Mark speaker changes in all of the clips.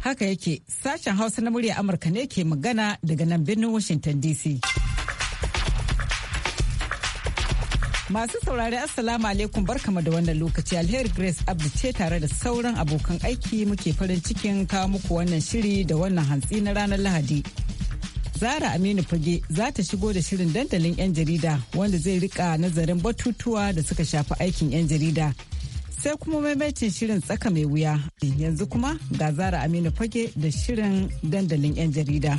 Speaker 1: Haka yake sashen Hausa na murya Amurka ne ke magana daga nan birnin Washington DC. Masu saurari Assalamu alaikum barkama da wannan lokaci alheri Grace Abdu ce tare da sauran abokan aiki muke farin cikin kawo muku wannan shiri da wannan hantsi na ranar Lahadi. Zara Aminu Fage za ta shigo da shirin dandalin 'yan jarida wanda zai rika nazarin batutuwa da suka shafi aikin 'yan jarida. Sai kuma maimaitin shirin tsaka mai wuya. Yanzu kuma ga Zara Aminu Fage da shirin dandalin 'yan jarida.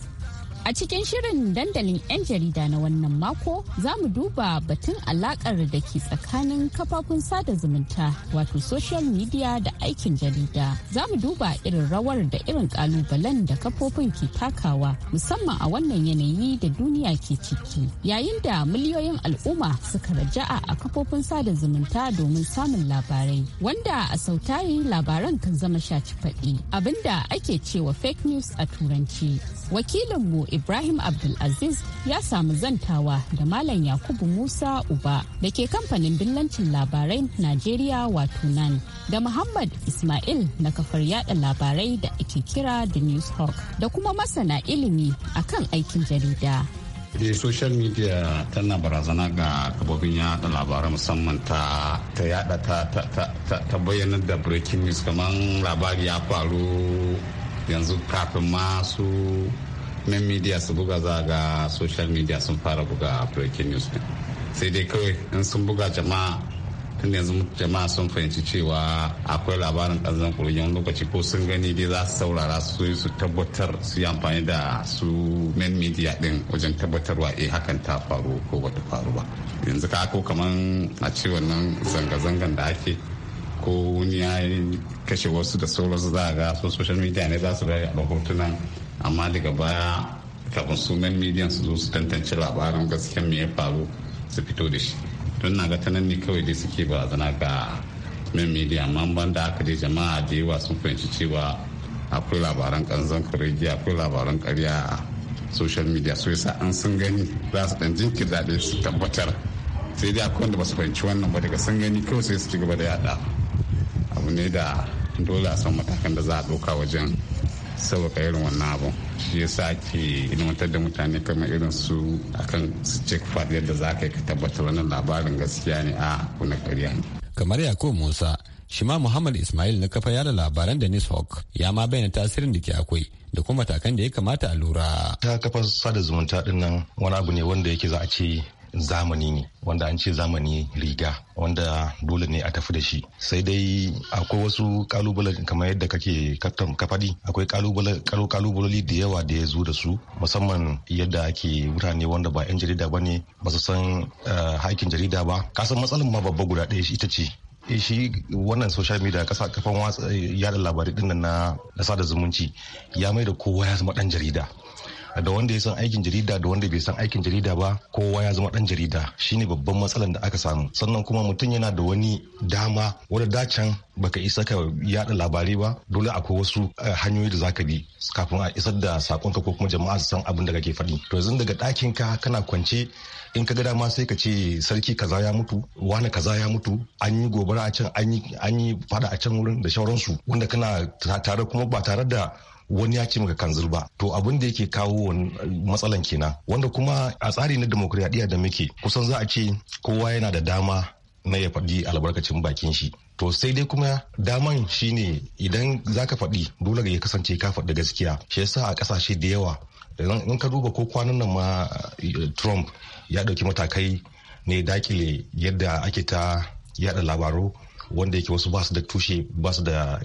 Speaker 2: A cikin shirin dandalin 'yan jarida na wannan mako za mu duba batun alakar da ke tsakanin kafafun sada zumunta wato social media da aikin jarida. Za mu duba irin rawar da irin kalubalen da kafofin ke takawa musamman a wannan yanayi da duniya ke ciki. Yayin da miliyoyin al'umma suka raja'a a kafofin sada zumunta domin samun labarai wanda a sautari labaran kan zama ci faɗi abinda ake cewa fake news a turanci. Wakilinmu Ibrahim Abdulaziz ya samu zantawa da Malam Yakubu Musa Uba da ke kamfanin billancin labarai Najeriya wato nan da Muhammad Ismail na kafar yada labarai da ake kira the news hawk da kuma masana ilimi akan aikin jarida.
Speaker 3: da social media tana barazana ga kafofin yada labarai musamman ta ta yada ta ta bayyanar da breaking news kamar labari ya faru yanzu kafin masu min media su buga za ga social media sun fara buga breaking news ne sai dai kawai in sun buga jama'a tun yanzu jama'a sun fahimci cewa akwai labarin ɗanzan kurgin lokaci ko sun gani dai za su saurara su su tabbatar su yi amfani da su main media din wajen tabbatarwa eh hakan ta faru ko bata faru ba yanzu ka ko kaman a ce wannan zanga-zangan da ake ko wani ya kashe wasu da sauransu za a ga su social media ne za su rayu a rahotunan amma daga baya kafin sunan midiyan su zo su tantance labarin gaskiyan me ya faru su fito da shi don na ga ta nan ne kawai dai suke zana ga min midiya amma ban da aka dai jama'a da yawa sun fahimci cewa akwai labaran kanzan kuregi akwai labaran karya a social media so yasa an sun gani za su dan jinkirta da su tabbatar sai dai akwai wanda ba su fahimci wannan ba daga sun gani kawai sai su ci gaba da yada abu ne da dole a san matakan da za a ɗauka wajen sauƙa irin wannan abu shi ya sa ake ilmantar da mutane kamar irin su akan su cek faɗi yadda za ka yi ka tabbatar wannan labarin gaskiya ne a kuna ƙarya ne. kamar yako musa shi ma muhammad ismail na kafa yada labaran da hawk ya ma bayyana tasirin da ke akwai da kuma matakan da ya kamata a lura. ta kafa sada zumunta din nan wani abu ne
Speaker 4: wanda yake za a ce zamani ne wanda an ce zamani riga wanda dole ne a tafi da shi sai dai akwai wasu kalubalen kamar yadda kake kafadi akwai kalubaloli da yawa da ya zo da su musamman yadda ake mutane wanda ba 'yan jarida ba ne ba su san eh, haƙƙin jarida ba kasan matsalin ma babba guda ɗaya ita ce eh, shi wannan social media kasa kafan eh, yada labarai dinnan na sada zumunci ya mai da kowa ya zama dan jarida da wanda ya san aikin jarida da wanda bai san aikin jarida ba kowa ya zama dan jarida shine babban matsalan da aka samu sannan kuma mutum yana da wani dama da dacan baka isa ka yada labari ba dole akwai wasu eh, hanyoyi da zaka bi kafin a isar da sakonka ko kuma jama'a su san abin da kake faɗi to yanzu daga ɗakin ka kana kwance in ka ga dama sai ka ce sarki kaza ya mutu wani kaza ya mutu an yi gobara a can an yi fada a can wurin da shauransu wanda kana tare kuma ba tare da wani ya ce maka kan ba to abin da yake kawo matsalan kenan wanda kuma a tsari na demokradiyya da muke kusan za a ce kowa yana da dama na ya faɗi albarkacin bakin shi to sai dai kuma daman shine idan za ka faɗi dole ya kasance ka faɗi gaskiya shi yasa a ƙasashe da yawa in ka duba ko kwanan nan ma eh, trump ya ɗauki matakai ne dakile yadda ake ta yada labaru wanda yake wasu basu da tushe basu da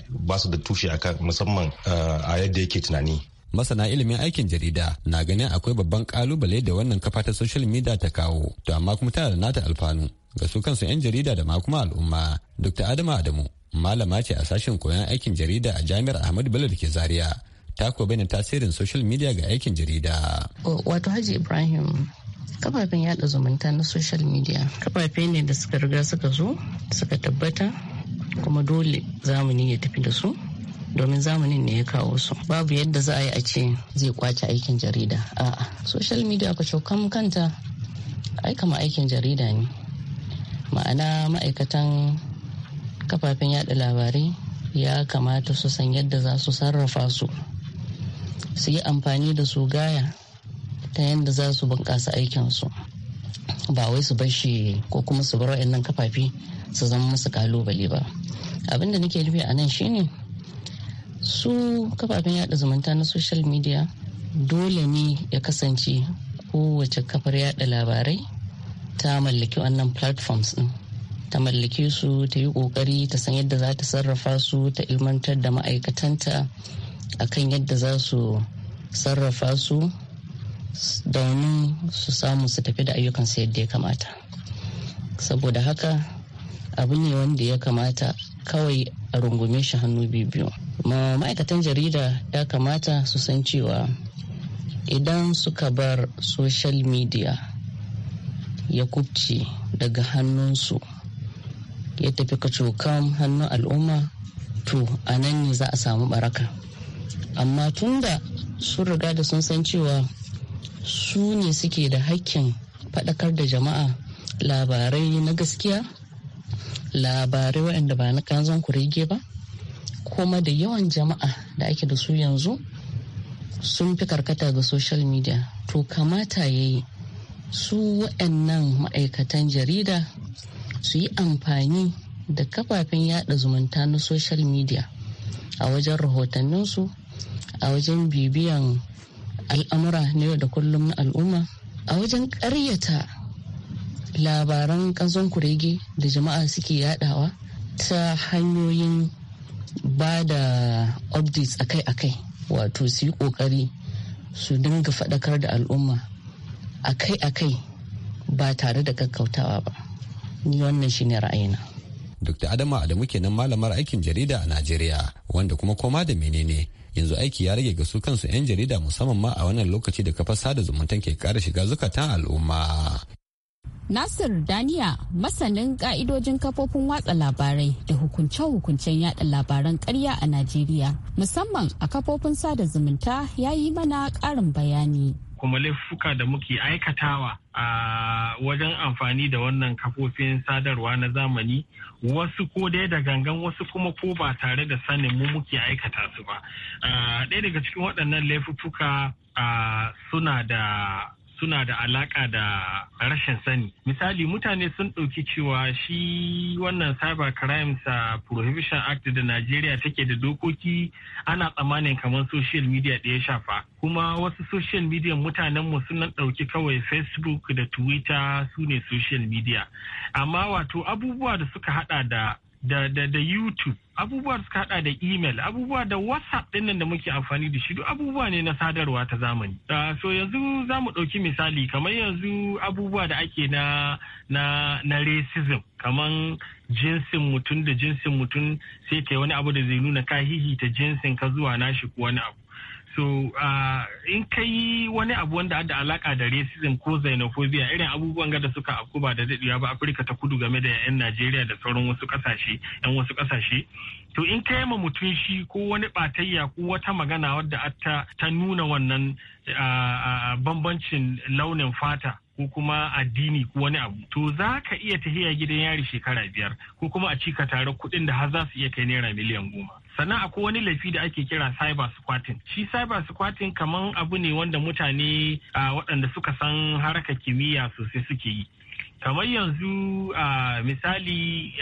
Speaker 4: da tushe musamman eh, a
Speaker 3: yadda yake tunani masana ilimin aikin jarida na ganin akwai babban kalubale da wannan kafa ta social media ta kawo to amma kuma tana da nata alfanu ga su kansu 'yan jarida da ma kuma al'umma dr Adamu adamu malama ce a sashen koyon aikin jarida a jami'ar ahmadu bello da ke zaria ta kuwa bayyana tasirin social media ga aikin jarida
Speaker 5: wato haji ibrahim kafafen yada zumunta na social media kafafe ne da suka riga suka zo suka tabbata kuma dole zamani ya tafi da su domin zamanin ne ya kawo su babu yadda za a yi a ce zai kwace aikin jarida a'a social media ku kam kanta ai kama aikin jarida ne ma'ana ma'aikatan kafafen yada labarai ya kamata su san yadda za su sarrafa su su yi amfani da su gaya ta yadda za su bunƙasa aikinsu ba wai su bar ko kuma su bar wa'annan kafafi su zama musu kalubale ba abin da nake nufi a nan shine su kafafen yada zumunta na social media dole ne ya kasance kowace kafar yada labarai ta mallaki wannan platforms din ta mallake su ta yi kokari ta san yadda za ta sarrafa su ta ilmantar da ma'aikatanta akan yadda za su sarrafa su domin su samu su tafi da ayyukansu yadda ya kamata saboda haka abu ne wanda ya kamata kawai a rungume shi hannu biyu ma'aikatan jarida ya kamata su san cewa idan suka bar social media ya kubci daga hannunsu ya tafi kacokan hannun al'umma to a nan ne za a samu baraka amma tunda sun riga da sun san cewa su ne suke da hakkin faɗakar da jama'a labarai na gaskiya labarai waɗanda ba na kanzon kurege ba kuma da yawan jama'a da ake da su yanzu sun fi karkata ga social media to kamata ya yi su waɗannan ma'aikatan jarida su yi amfani da kafafen yada zumunta na social media a wajen rahotanninsu a wajen bibiyan al'amura na da kullum na al'umma a wajen ƙaryata labaran ƙanzon kurege da jama'a suke yadawa ta hanyoyin ba da updates akai-akai wato su yi ƙoƙari su dinga faɗakar da al'umma akai-akai ba tare da kakkautawa ba ni wannan shine ra'ayina.
Speaker 3: Dr. Adama Adamu kenan malamar aikin jarida a Najeriya wanda kuma koma da menene yanzu aiki ya rage ga su kansu 'yan jarida musamman ma a wannan lokaci da kafar sada zumuntan ke kara shiga zukatan al'umma.
Speaker 2: Nasir Daniya masanin ka'idojin kafofin watsa labarai da hukunce-hukuncen yada labaran karya a Najeriya musamman a kafofin sada zumunta ya yi mana ƙarin bayani.
Speaker 6: Kuma laifuka da muke aikatawa a wajen amfani da wannan kafofin sadarwa na zamani wasu ko dai da gangan wasu kuma ko ba tare da sanin mu muke aikata su ba ɗaya daga cikin waɗannan laifuka suna da suna da alaka da rashin sani misali mutane sun ɗauki cewa shi wannan cyber crimes prohibition act da najeriya take da dokoki ana tsammanin kamar social media da ya shafa kuma wasu social media mu sun ɗauki kawai facebook da twitter su ne social media amma wato abubuwa da suka hada da da, da, da YouTube, abubuwa suka hada da email, abubuwa da WhatsApp ɗin da muke amfani da shi duk abubuwa ne na sadarwa ta zamani. Uh, so yanzu za mu ɗauki misali kamar yanzu abubuwa da ake na, na, na racism, kamar jinsin mutum da jinsin mutum sai ta wani abu da zai nuna ka hihita jinsin ka zuwa nashi ko wani abu. So in ka yi wani abu wanda da alaka da racism ko xenophobia irin abubuwan da suka afku ba da daɗewa ba Afirka ta kudu game da 'yan Najeriya da sauran wasu ƙasashe 'yan wasu ƙasashe. To in ka yi ma mutum shi ko wani batayya ko wata magana wadda ta nuna wannan bambancin launin fata ko kuma addini ko wani abu to za ka iya tahiya gidan yari shekara biyar ko kuma a cika tare kuɗin da har za su iya kai naira miliyan goma sannan akwai wani laifi da ake kira cyber squatting shi cyber squatting kaman abu ne wanda mutane uh, waɗanda suka san harkar kimiyya sosai suke yi kamar yanzu a misali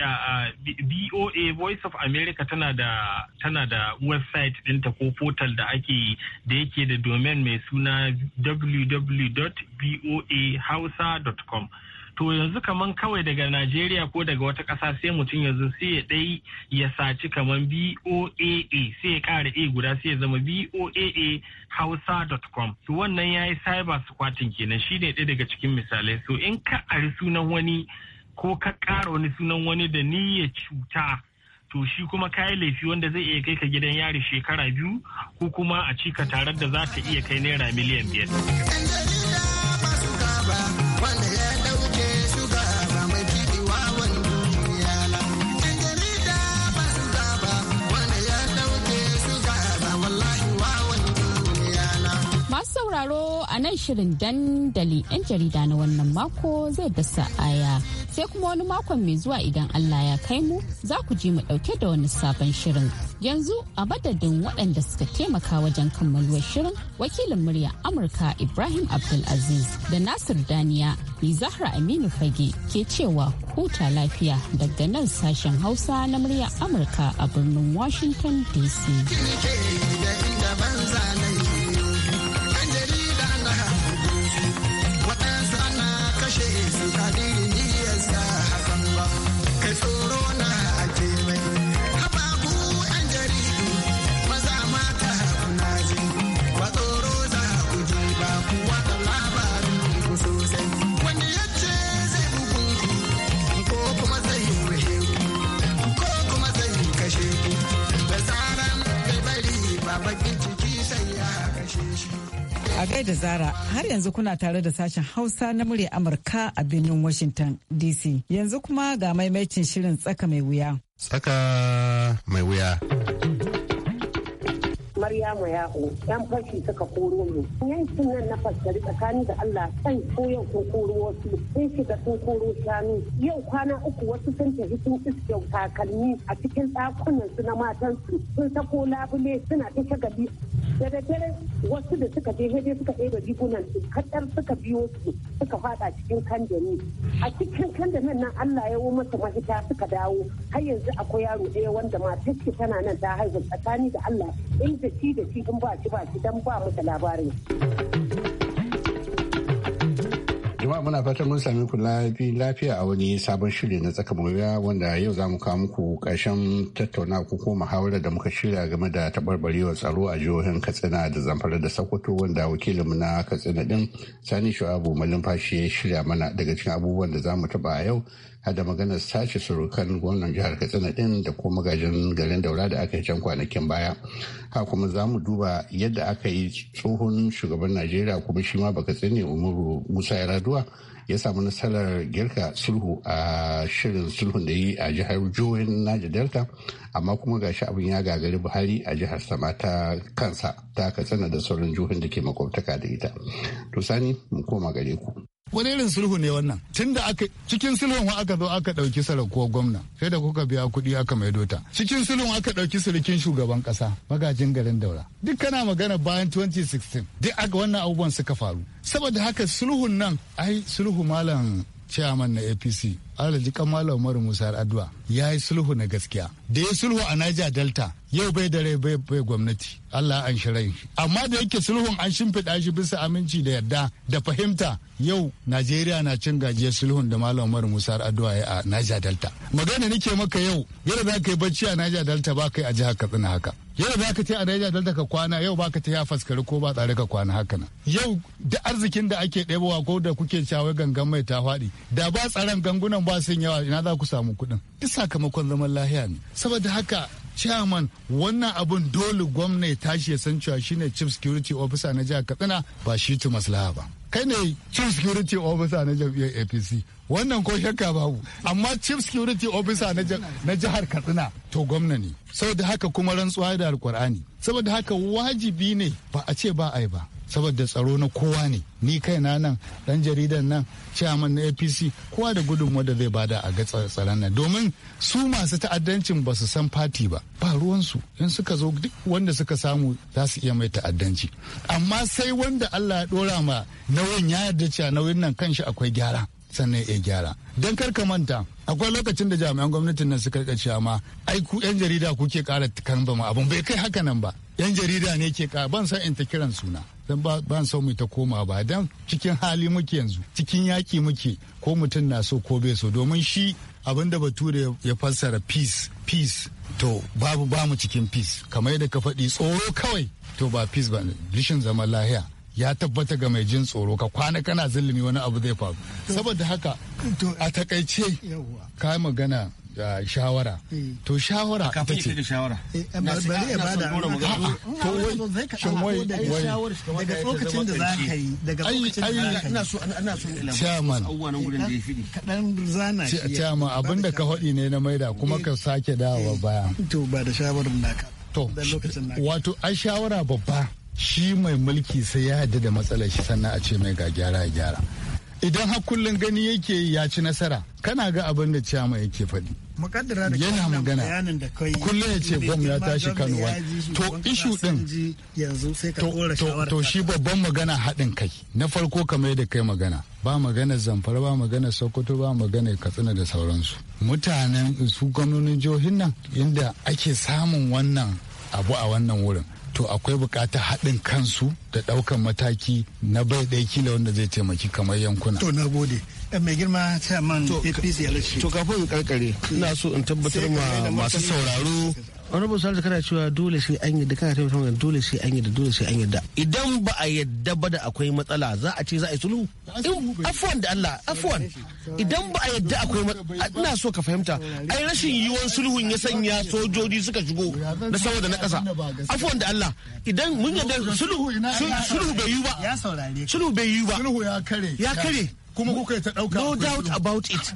Speaker 6: BOA Voice of America tana da da website ɗinta ko portal da ake da yake da domain mai suna www.boahausa.com to yanzu kaman kawai daga najeriya ko daga wata ƙasa sai mutum yanzu sai ya ɗai ya saci kaman boaa sai ya ƙara a guda sai ya zama boaa hausa.com to wannan ya yi cyber squatting kenan shi ne ɗaya daga cikin misalai so in ka ari sunan wani ko ka ƙara wani sunan wani da ni ya cuta to shi kuma ka yi laifi wanda zai iya kai ka gidan yari shekara biyu ko kuma a cika tarar da za ta iya kai naira miliyan biyar.
Speaker 2: a nan shirin dandali 'yan jarida na wannan mako zai dasa aya sai kuma wani makon mai zuwa idan Allah ya kai mu za ku ji mu dauke da wani sabon shirin yanzu a madadin waɗanda suka taimaka wajen kammaluwa shirin wakilin murya amurka ibrahim abdulaziz da nasir daniya ni zahra aminu fage ke cewa huta lafiya daga nan sashen hausa na murya amurka a birnin washington dc
Speaker 7: daɗin niyarsa
Speaker 1: da Zara har yanzu kuna tare da sashen Hausa na murya Amurka a birnin Washington DC. Yanzu kuma ga maimacin shirin tsaka mai wuya.
Speaker 8: Tsaka mai wuya.
Speaker 9: Maryamu Yahu, ‘yan fashi suka koro ne, Yankin nan na fassari tsakani da Allah sai ko yau sun koro wasu, sun shiga sun koro shanu. Yau kwana uku wasu sun tafi sun iske takalmi a cikin ɗakunan su na matansu sun sako labule suna ta shagali da dare wasu da suka je hede suka ɗaya rigunan su kaɗar suka biyo su suka fada cikin kandami a cikin kandamin nan Allah ya masa mahita suka dawo har yanzu akwai yaro ɗaya wanda matar ce tana nan ta haihu tsakani da Allah in da shi da shi in ba
Speaker 1: shi ba shi dan ba masa labarin.
Speaker 8: jama'a muna fatan mun sami ku lafiya a wani sabon shiri na tsaka mawuya wanda yau za mu kawo muku ƙarshen tattauna ko ko muhawarar da muka shirya game da taɓarɓarewar tsaro a jihohin katsina da zamfara da sokoto wanda wakilin na katsina din sani shu'abu malumfashi ya shirya mana daga cikin abubuwan da za mu taɓa a yau hada maganar sace surukan gwamnan jihar katsina din da kuma magajin garin daura da aka yi can kwanakin baya ha kuma za mu duba yadda aka yi tsohon shugaban najeriya kuma shi ma baka tsine umaru musa ya raduwa ya samu nasarar girka sulhu a shirin sulhun da yi a jihar jihohin naja delta amma kuma gashi abin ya gagari buhari a jihar sama ta kansa ta katsina da sauran jihohin da ke makwabtaka da ita to sani mu koma gare ku
Speaker 10: wani irin sulhu ne wannan tun da aka cikin sulhun aka zo aka ɗauki sarakuwar gwamna sai da kuka biya kuɗi aka maido ta cikin sulhun aka ɗauki sirikin shugaban kasa magajin garin daura duk kana magana bayan 2016 duk aka wannan abubuwan suka faru saboda haka sulhun nan ai sulhu malam chairman na apc alaji kamala umaru musa addu'a ya yi sulhu na gaskiya da ya sulhu a niger delta yau bai da rai bai bai gwamnati allah an shirai amma da yake sulhun an shimfiɗa shi bisa aminci da yadda da fahimta yau najeriya na cin gajiyar sulhun da malam umaru musa addu'a ya a niger delta magana nake maka yau yadda za ka bacci a niger delta ba kai a jihar katsina haka yau za ka ta a Niger Delta ka kwana yau ba ka ta ya faskari ko ba tsare ka kwana haka nan yau da arzikin da ake ɗebowa ko da kuke cawe gangan mai ta faɗi da ba tsaron gangunan ba sun yawa ina za ku samu kuɗin duk sakamakon zaman lahiya ne saboda haka chairman wannan abun dole gwamna ya tashi ya san cewa shine chief security officer na jihar katsina ba shi tu maslaha ba kai ne chief security officer na jam'iyyar apc wannan ko shakka babu amma chief security officer na jihar katsina to gwamna ne saboda haka kuma rantsuwa da alkur'ani saboda haka wajibi ne ba a ce ba ayi ba saboda tsaro na kowa ne ni kai na nan dan jaridan nan chairman na apc kowa da gudun wanda zai bada a ga tsaron nan domin su masu ta'addancin ba su san fati ba ba ruwansu in suka zo duk wanda suka samu za su iya mai ta'addanci amma sai wanda allah ya dora ma nauyin ya yarda cewa nauyin nan kan shi akwai gyara sannan ya gyara don kar ka manta akwai lokacin da jami'an gwamnatin nan suka rika cewa ma ai ku yan jarida kuke kara ba mu abun bai kai haka nan ba yan jarida ne ke kara ban san in ta kiran suna dan ba ban san mu ta koma ba dan cikin hali muke yanzu cikin yaki muke ko mutum na so ko bai so domin shi abin da bature ya fassara peace peace to babu bamu cikin peace kamar yadda ka faɗi tsoro kawai to ba peace ba rishin zaman lahiya ya tabbata ga mai jin tsoro ka kwana kana zulumi wani abu zai faru saboda haka a takaice ka magana shawara eh. to shawara ita ce shawara eh, eh, bari ya ah, bada ah, ah, to wai shin wai wai daga lokacin da za ka yi daga lokacin da ina so ina so chairman
Speaker 9: kadan zana shi chairman abinda
Speaker 10: ka hodi ne na maida kuma ka sake dawowa baya to ba da shawarar naka to wato ai shawara babba shi mai mulki sai ya yarda da matsalar shi sannan a ce mai ga gyara ya gyara idan har kullum gani yake ya ci nasara kana ga abin da ciyama yake faɗi yana magana kullum ya ce bom ya tashi kano to ishu
Speaker 9: din to shi
Speaker 10: babban magana haɗin kai na farko kamar da kai magana ba magana zamfara ba magana sokoto ba magana katsina da sauransu mutanen su gwamnonin jihohin nan inda ake samun wannan abu a wannan wurin to akwai bukatar haɗin kansu da ɗaukan mataki na bai ɗaya kila wanda zai taimaki kamar yankuna. To na
Speaker 9: gode. Eh, mai girma APC To kafin karkare ina so in tabbatar ma masu sauraro wani bu kana cewa dole sai an yadda kana taimaka mana dole sai an yadda dole sai an yadda idan ba a yadda ba da akwai matsala za a ce za a yi sulhu afwan da Allah afwan idan ba a yadda akwai ina so ka fahimta ai rashin yiwuwar sulhun ya sanya sojoji suka shigo na sama da na ƙasa afwan da Allah idan mun yadda sulhu sulhu bai yi ba sulhu bai yi ba sulhu ya kare ya kare kuma kuka ta dauka no doubt about it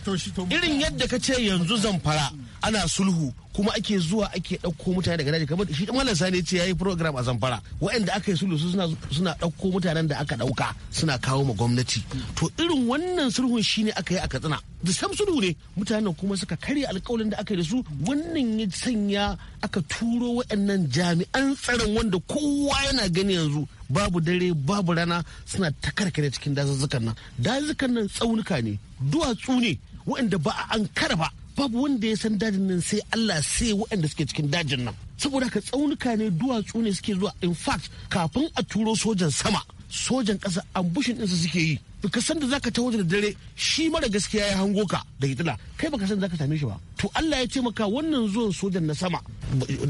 Speaker 9: irin yadda ka ce yanzu zan fara. ana sulhu kuma ake zuwa ake ɗauko mutane daga daji kamar shi malam sani ce yayi program a zamfara waɗanda aka yi sulhu suna suna ɗauko mutanen da aka ɗauka suna kawo ma gwamnati to irin wannan sulhun shine aka yi a katsina da sam sulhu ne mutanen kuma suka karya alkawalin da aka yi da su wannan ya sanya aka turo waɗannan jami'an tsaron wanda kowa yana gani yanzu babu dare babu rana suna ta karkare cikin dazuzzukan nan dazuzzukan nan tsaunuka ne duwatsu ne waɗanda ba a ankara ba babu wanda ya san dajin nan sai Allah sai waɗanda suke cikin dajin nan saboda ka tsaunuka ne duwatsu ne suke zuwa in fact kafin a turo sojan sama sojan ƙasa ambushin ɗinsa suke yi ka san da zaka taho da dare shi mara gaskiya ya hango ka da hitila kai baka san zaka same shi ba to Allah ya ce maka wannan zuwan sojan na sama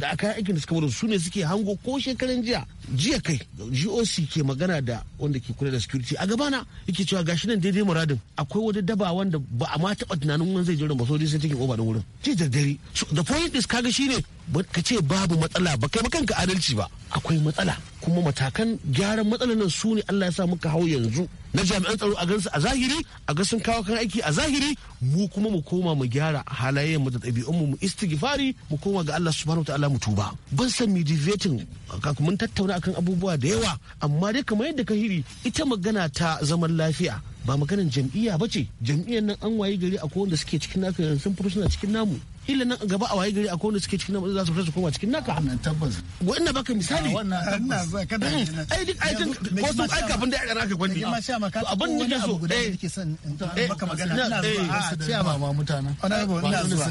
Speaker 9: da aka yi aikin da suka bari su ne suke hango ko shekaran jiya jiya kai GOC ke magana da wanda ke kula da security a gabana yake cewa gashi nan daidai muradin akwai wani daba wanda ba a ma taba tunanin wani zai jira ba sojoji sai take oba da wurin ji da dare the point is kaga ne ka ce babu matsala ba kai kanka adalci ba akwai matsala kuma matakan gyaran matsalan nan su ne Allah ya sa muka hau yanzu na jami'an tsaro a gansu a zahiri a ga sun kawo kan aiki a zahiri mu kuma mu koma mu gyara halayen mu da ɗabi'un mu mu istighfari mu koma ga Allah subhanahu ta'ala mu tuba ban san ka mun tattauna akan abubuwa da yawa amma dai kamar yadda ka hiri ita magana ta zaman lafiya ba maganar jam'iyya ba ce jam'iyyar nan an wayi gari a wanda suke cikin naka yanzu sun furu suna cikin namu illa nan gaba a waye gari a wanda suke cikin nan za su fita su koma cikin naka wannan tabbas wannan baka misali wannan tabbas
Speaker 7: eh, ai duk ai tun ko sun ai kafin da ya raka kwanni abin da so eh kike son baka eh, magana ina eh, zuwa ciya ba ma
Speaker 10: mutanen ina zuwa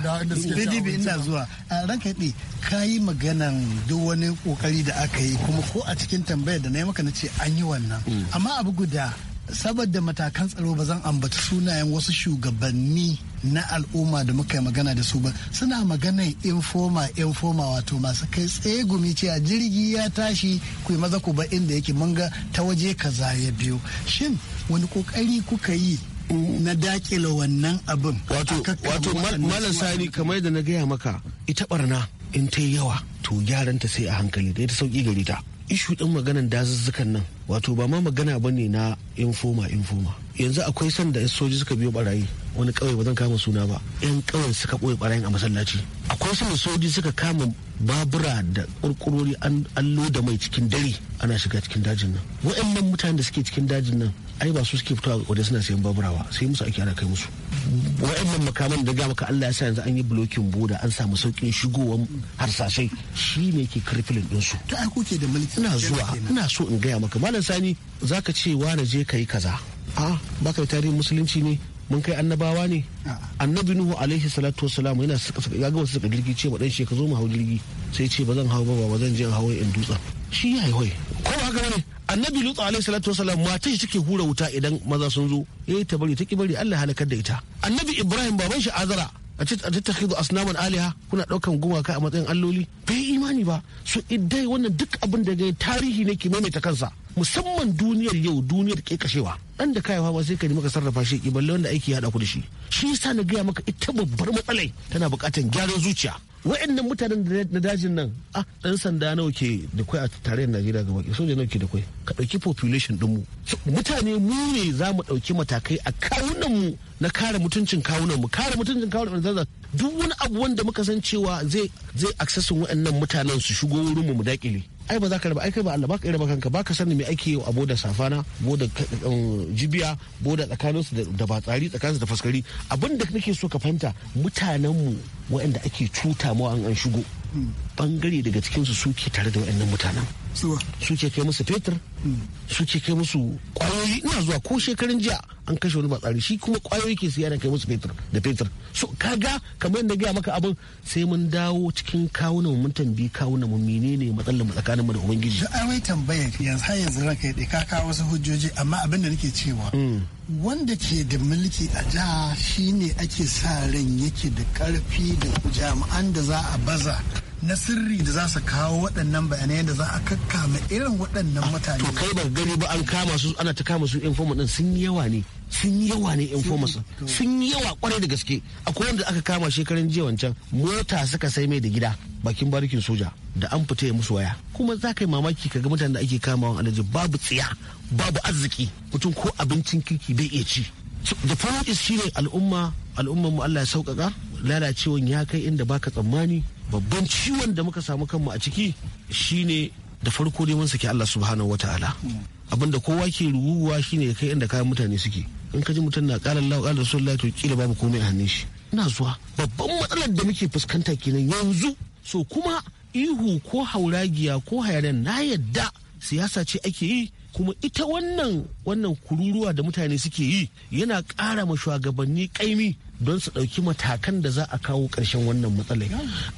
Speaker 10: DDB ina zuwa
Speaker 9: ranka dai kayi maganan duk wani kokari da aka yi kuma ko a cikin tambayar da na yi maka na an yi wannan hmm. amma abu guda saboda matakan tsaro ba zan ambata sunayen wasu shugabanni na al'umma da muka yi magana da su ba suna maganar informa informa wato masu kai tsaye gumi cewa jirgi ya tashi ku yi maza ku ba inda yake mun ga ta waje kaza ya biyo shin wani kokari kuka yi na dakila wannan abin wato wato malam sani kamar da na gaya maka ita barna in ta yawa to gyaranta sai a hankali da ita sauki gari ta ishu din maganan dazuzzukan nan wato ba ma magana ba ne na infoma infoma yanzu akwai sanda soji suka biyo barayi wani kauye ba zan kama suna ba yan kauyen suka ɓoye barayin a masallaci akwai su soji suka kama babura da kurkurori an loda mai cikin dare ana shiga cikin dajin nan wa'annan mutanen da suke cikin dajin nan ai ba su suke fitowa waje suna sayan babura ba sai musu ake ana kai musu wa'annan makaman da ga maka Allah ya sa yanzu an yi blokin boda an samu sauƙin shigowar harsashai shi ne ke karfilin ɗinsu. ta ai ke da mulki ina zuwa ina so in gaya maka malam sani zaka ce wa na je ka yi kaza a baka tarihin musulunci ne mun kai annabawa ne annabi nuhu alaihi salatu wassalam yana ya ga wasu suka jirgi ce ma dan shi ka zo mu hau jirgi sai ce ba zan hau ba ba zan je hawo in dutsa shi yayi hoye ko ba haka ne annabi lutsa alaihi salatu wassalam matar shi take hura wuta idan maza sun zo yayi eh, ta bari ta ki bari Allah halakar da ita annabi ibrahim baban shi azara a ce a tattakhidu asnaman aliha kuna daukan gumaka a matsayin alloli bai imani ba so idai wannan duk abin da ga tarihi ne ke maimaita kansa musamman duniyar yau duniyar ke kashewa dan da kayawa ba sai ka nemi ka sarrafa shi ki balle wanda aiki ya haɗa ku da shi shi yasa na gaya maka ita babbar matsalai tana bukatar gyaran zuciya wa'annan mutanen da na dajin nan a ah, ɗan sanda nawa ke da kwai a tarayyar najeriya gaba ki soja nawa ke da kwai ka ɗauki population mu. mutane mu ne za mu ɗauki matakai a kawunan mu na kare mutuncin kawunan mu kare mutuncin kawunan mu duk wani abu wanda muka san cewa zai zai aksesin wa'annan mutanen su shigo wurin mu mu dakile ai ba za ka raba ai kai ba Allah ba ka raba kanka ba ka sani me ake yi a boda safana boda um, jibiya boda tsakanin su da ba tsari tsakanin su da faskari abin da nake so ka fahimta mutanen mu waɗanda ake cuta mu an shigo bangare daga cikinsu suke tare da waɗannan mutanen suke kai musu fetur suke kai musu kwayoyi ina zuwa ko shekarun jiya an kashe wani batsari shi kuma kwayoyi ke siya da kai musu fetur da fetur so kaga kamar yadda gaya maka abin sai mun dawo cikin kawunan mun tambi kawunan mu menene matsalar mu tsakanin mu da ubangiji ai wai tambayar yanzu har yanzu ranka ya ka kawo wasu hujjoji amma abin da nake cewa hmm. wanda ke da mulki a jiha shine ake sa ran yake da karfi da jami'an da za
Speaker 10: a baza na sirri da za su kawo waɗannan bayanai da za a kakkama irin waɗannan
Speaker 9: mutane. To kai ba gani ba an kama su ana ta kama su informa din sun yawa ne sun yawa ne su. sun yawa kwarai da gaske akwai wanda aka kama shekaran jiya wancan mota suka sai mai da gida bakin barikin soja da an fita ya musu waya kuma za ka yi mamaki ka ga mutanen da ake kamawa alaji babu tsiya babu arziki mutum ko abincin kirki bai iya ci da fara is shine al'umma al'umman mu Allah ya sauƙaƙa lalacewan ya kai inda baka tsammani babban ciwon da muka samu kanmu a ciki shine da farko ne mun saki Allah subhanahu wataala da kowa ke ruwuwa shine kai inda kayan mutane suke in ka ji mutum na ƙara Allah ƙara Rasulullahi to kila babu komai a hannun shi ina zuwa babban matsalar da muke fuskanta kenan yanzu so kuma ihu ko hauragiya ko hayanan na yadda siyasa ce ake yi kuma ita wannan wannan kururuwa da mutane suke yi yana ƙara ma shugabanni ƙaimi don su ɗauki matakan da za a kawo ƙarshen wannan matsalai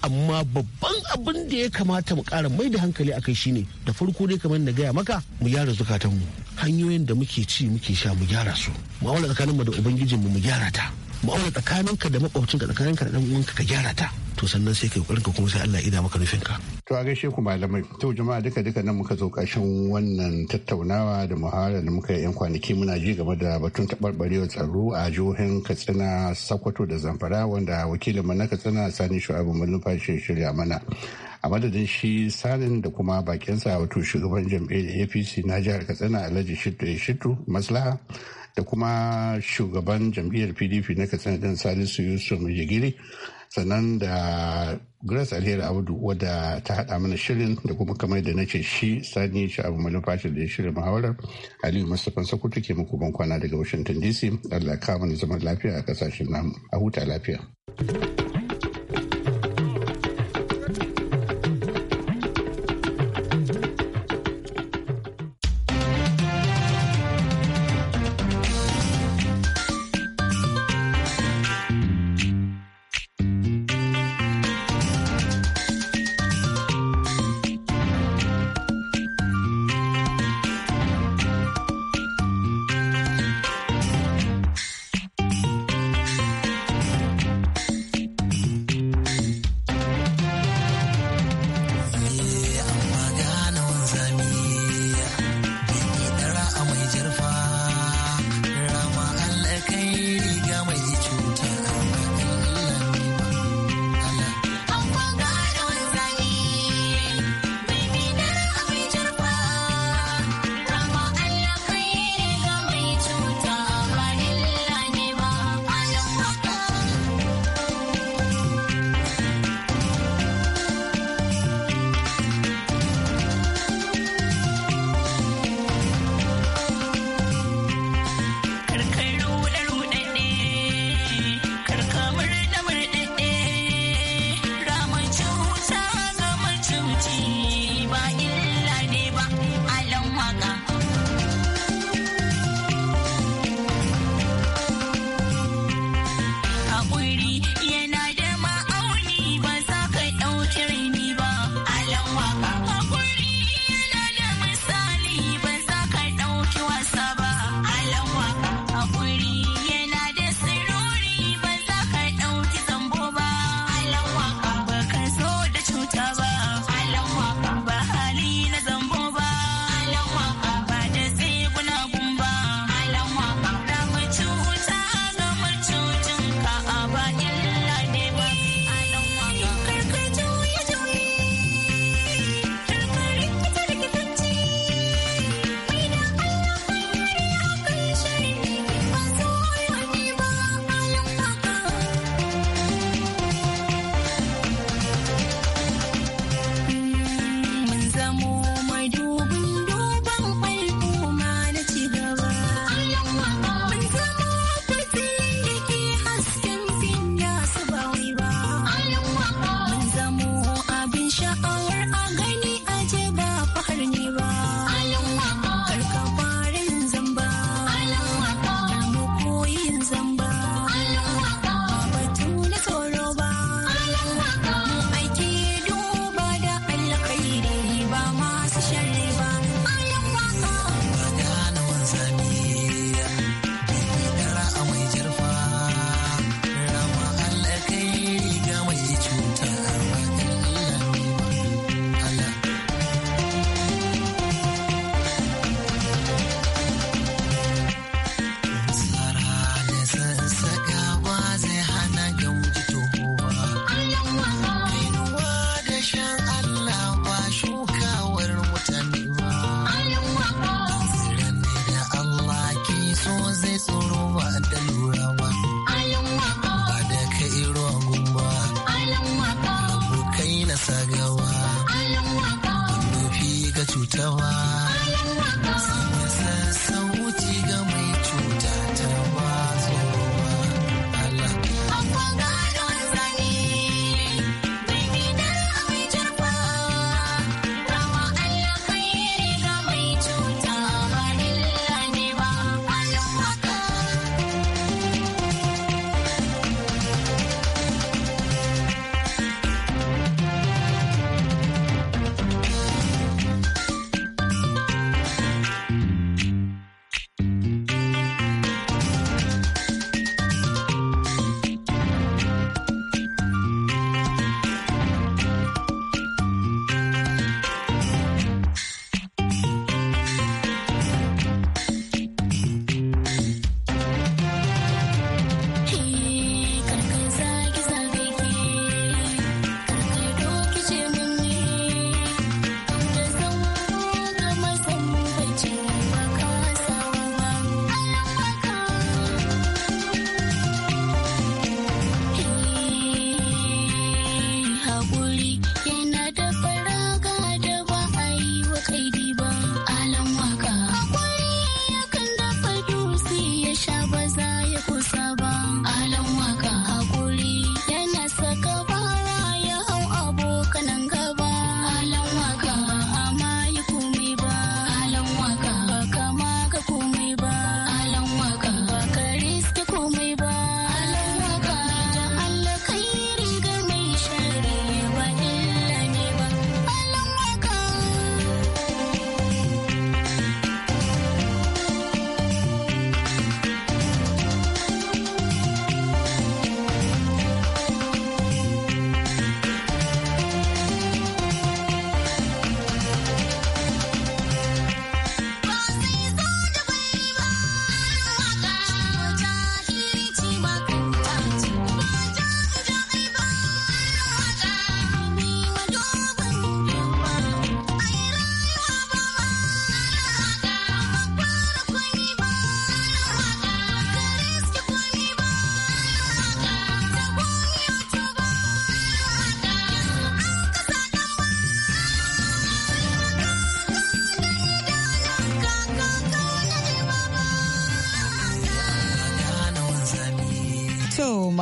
Speaker 9: amma babban abin da ya kamata mu ƙara mai da hankali akai shine da farko dai kamar na gaya maka mu gyara zukatanmu hanyoyin da muke ci muke sha mu gyara su tsakanin tsakaninmu da ubangijinmu mu gyara ta tsakanin tsakaninka da tsakanin ka da dan uwanka ka gyara ta to sannan sai kai kokarin ka kuma sai Allah ya ida maka nufin ka
Speaker 8: to a gaishe ku malamai to jama'a duka duka nan muka zo kashin wannan tattaunawa da muhara da muka yi yan kwanaki muna ji game da batun tabarbarewar tsaro a jihohin Katsina Sokoto da Zamfara wanda wakilin mu na Katsina Sani Shu'abu shi shirya mana a madadin shi sanin da kuma bakinsa wato shugaban jam'iyyar apc na jihar katsina alhaji shittu shittu maslaha da kuma shugaban jam'iyyar pdp na katsina dan salisu yusuf jigiri sannan da grace alheri audu wadda ta hada mana shirin da kuma kamar da nace shi sani shi abu malumfashi da ya shirya muhawarar aliyu mustapha sokoto ke muku ban kwana daga washington dc allah kama da zaman lafiya a kasashen namu a huta lafiya.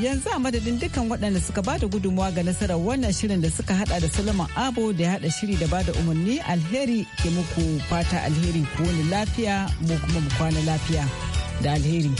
Speaker 1: yanzu a madadin dukkan waɗanda suka bada gudunmawa ga nasarar wannan shirin da suka hada da salaman abo da ya hada shiri da bada umarni alheri ke muku fata alheri ku wani lafiya mu kuma mu kwana lafiya da alheri.